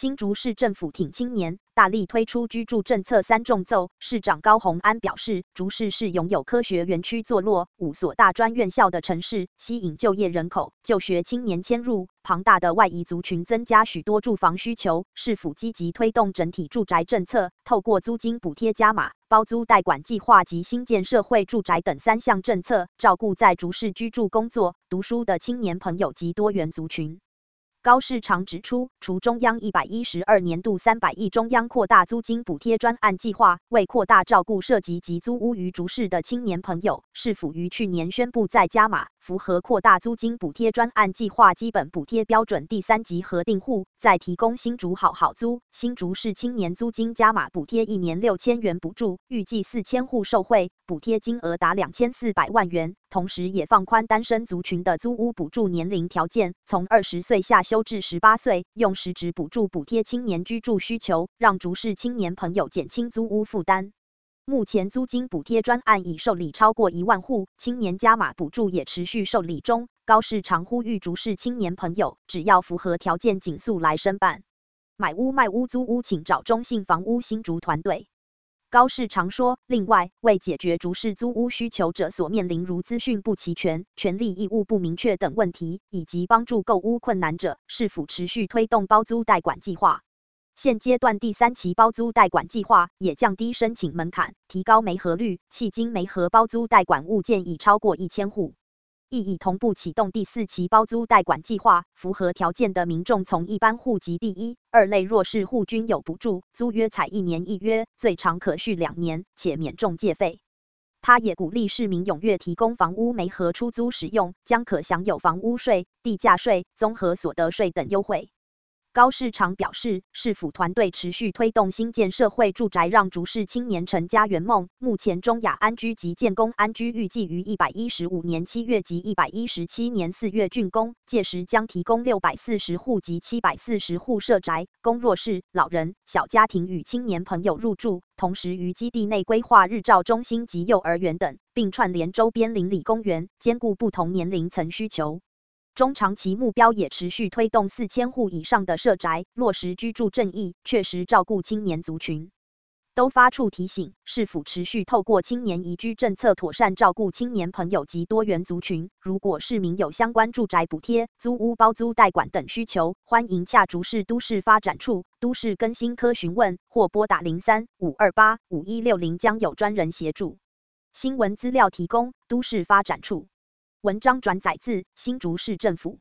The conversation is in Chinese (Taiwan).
新竹市政府挺青年，大力推出居住政策三重奏。市長高虹安表示，竹市是擁有科學園區坐落、五所大專院校的城市，吸引就業人口、就學青年遷入，龐大的外移族群增加許多住房需求。市府積極推動整體住宅政策，透過租金補貼加碼、包租代管計劃及興建社會住宅等三項政策，照顧在竹市居住、工作、讀書的青年朋友及多元族群。高市長指出，除中央一百一十二年度三百億中央擴大租金補貼專案計劃，為擴大照顧設籍及租屋於竹市的青年朋友，市府於去年宣布再加碼。符合擴大租金補貼專案計劃基本補貼標準第三級核定戶，再提供新竹好好租，新竹市青年租金加碼補貼，一年六千元補助，預計四千戶受惠，補貼金額達兩千四百萬元。同時，也放寬單身族群的租屋補助年齡條件，從二十歲下修至十八歲，用實質補助補貼青年居住需求，讓竹市青年朋友減輕租屋負擔。目前租金補貼專案已受理超過一萬戶，青年加碼補助也持續受理中。高市長呼籲竹市青年朋友，只要符合條件，儘速來申辦。買屋、賣屋、租屋，請找中信房屋新竹團隊。高市長說，另外，為解決竹市租屋需求者所面臨如資訊不齊全、權利義務不明確等問題，以及幫助購屋困難者，市府持續推動包租代管計劃。現階段第三期包租代管計劃也降低申請門檻，提高媒合率，迄今媒合包租代管物件已超過一千戶。亦已同步啟動第四期包租代管計劃，符合條件的民眾從一般戶及第一、二類弱勢戶均有補助，租約採一年一約，最長可續兩年，且免仲介費。她也鼓勵市民踴躍提供房屋媒合出租使用，將可享有房屋稅、地價稅、綜合所得稅等優惠。高市長表示，市府團隊持續推動興建社會住宅，讓竹市青年成家圓夢。目前中雅安居及建功安居預計於一百一十五年七月及一百一十七年四月竣工，屆時將提供六百四十戶及七百四十戶社宅，供弱勢、老人、小家庭與青年朋友入住。同時，於基地內規劃日照中心及幼兒園等，並串聯周邊鄰里公園，兼顧不同年齡層需求。中長期目標也持續推動四千戶以上的社宅，落實居住正義，確實照顧青年族群。都發處提醒，市府持續透過青年宜居政策，妥善照顧青年朋友及多元族群。如果市民有相關住宅補貼、租屋包租代管等需求，歡迎洽竹市都市發展處都市更新科詢問，或撥打零三五二八五一六零，將有專人協助。新聞資料提供都市發展處。文章轉載自新竹市政府。